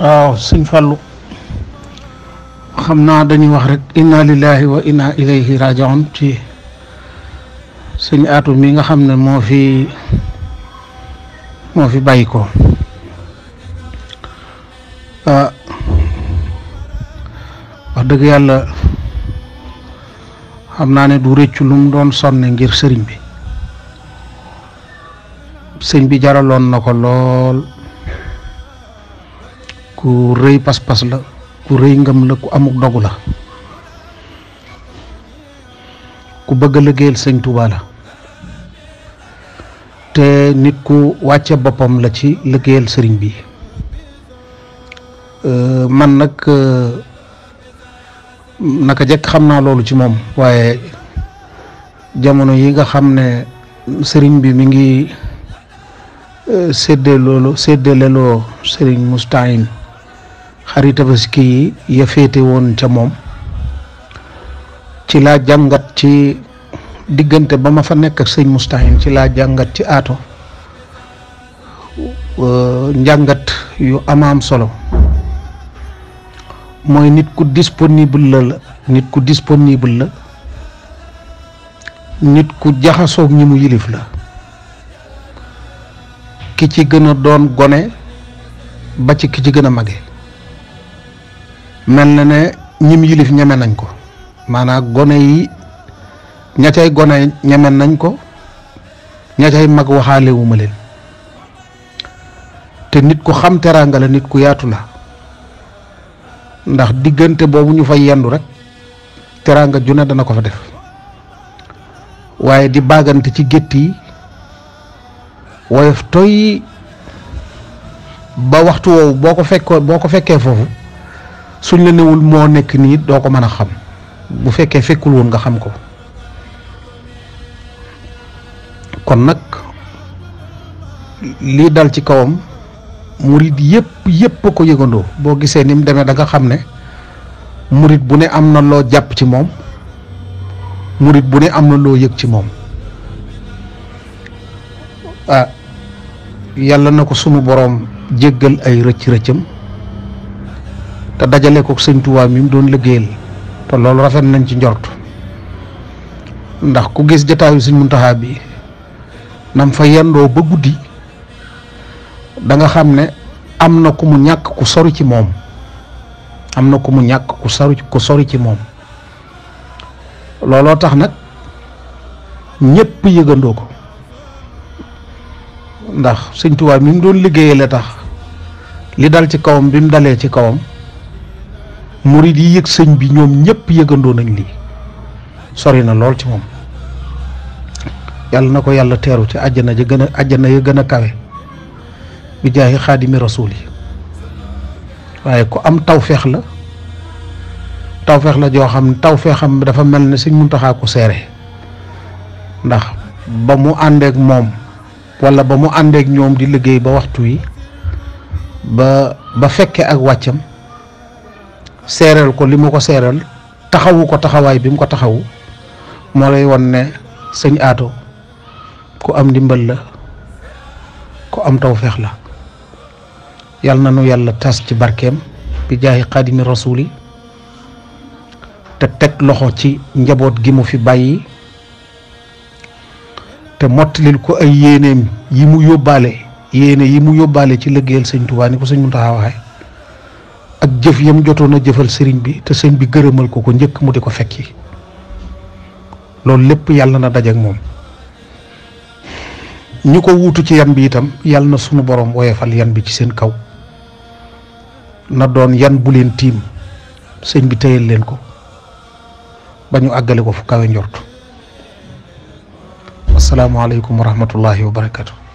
waaw sëñ falu xam naa dañuy wax rek inna lillahi wa inna ilayhi rajiun ci sëñ aatu mi nga xam ne moo fi moo fi bàyyi ko ah, dëgg yàlla xam naa ne du rëccu lu doon sonne ngir sëriñ bi sëñ bi jaraloon na ko lool ku rëy pas-pas la ku rëy ngëm la ku amuk dogu la ku bëgg a liggéeyal sëñ Tuubaa la te nit ku wàcce boppam la ci liggéeyal sëriñ bi man nag naka jekk xam naa loolu ci moom waaye jamono yi nga xam ne sëriñ bi mu ngi séddee loolu séddale loo sëriñ Mustahim xari tabaski yi ya féete woon ca moom ci laa jàngat ci diggante ba ma fa nekk ak sëñ Moustahin ci laa jàngat ci aato njàngat yu amaam solo mooy nit ku disponible ku disponible la nit ku jaxasoog ñi mu yilif la ki ci gën a doon gone ba ci ki ci gën a mage mel na ne ñim yilif ñeme nañ ko maanaam gone yi ña gone ñeme nañ ko ña mag waxaale wu leen te nit ku xam teraanga la nit ku yaatu la ndax diggante boobu ñu fay yendu rek teraanga ju ne dana ko fa def waaye di baagante ci gétt yi woyof toy ba waxtu woowu boo ko fekkoo boo ko fekkee foofu suñ la newul moo nekk nii doo ko mën a xam bu fekkee fekkul woon nga xam ko kon nag lii dal ci kawam murit yëpp yëpp a ko yëgandoo boo gisee ni mu demee danga xam ne murit bu ne am na loo jàpp ci moom murit bu ne am na loo yëg ci moom ah yàlla na ko sunu boroom jéggal ay rëcc rëccam te dajale ko sëñ mi mu doon liggéeyal te loolu rafet nañ ci njort ndax ku gis jataayu sëñ Muntaxaa bi nam fa yendoo ba guddi danga xam ne am na ku mu ñàkk ku sori ci moom am na ku mu ñàkk ku sori ku ci moom looloo tax nag ñépp yëgandoo ko ndax sëñ mi mu doon liggéeyale tax li dal ci kawam bi mu dalee ci kawam murid yi yëg sëñ bi ñoom ñëpp yëgandoo nañ lii sori na lool ci moom yàlla na ko yàlla teeru ci àjjana ja gën a àjjana ya gën a kawe bi jaayi xaadimi rasuul yi waaye ku am tawfeex la tawfeex la joo xam tawfeexam dafa mel ne sëñ Muntaxa ko seere ndax ba mu àndeek moom wala ba mu àndeek ñoom di liggéey ba waxtu wi ba ba fekke ak wàccam seereel ko li mu ko seereel taxawu ko taxawaay bi mu ko taxawu moo lay won ne sëñ aato ku am ndimbal la ku am taw tawféex la yàlla na nu yàlla tas ci barkeem bi jaayi xaadimi rasuuli te teg loxo ci njaboot gi mu fi bàyyi te mottalil ko ay yéeneem yi mu yóbbaale yéene yi mu yóbbaale ci liggéeyal sëñ Tuubaa ni ko sëñ Muntaxa waxee ak jëf yam jotoon a jëfal sëriñ bi te sëñ bi gërëmal ko ko njëkk mu di ko fekki loolu lépp yàlla na daje ak moom ñu ko wuutu ci yan bi itam yàlla na sunu borom woyefal yan bi ci seen kaw na doon yan bu leen tiim sëñ bi téyel leen ko ba ñu àggale ko fu kawe njort asalaamaaleykum wa rahmatullahi wa barakatu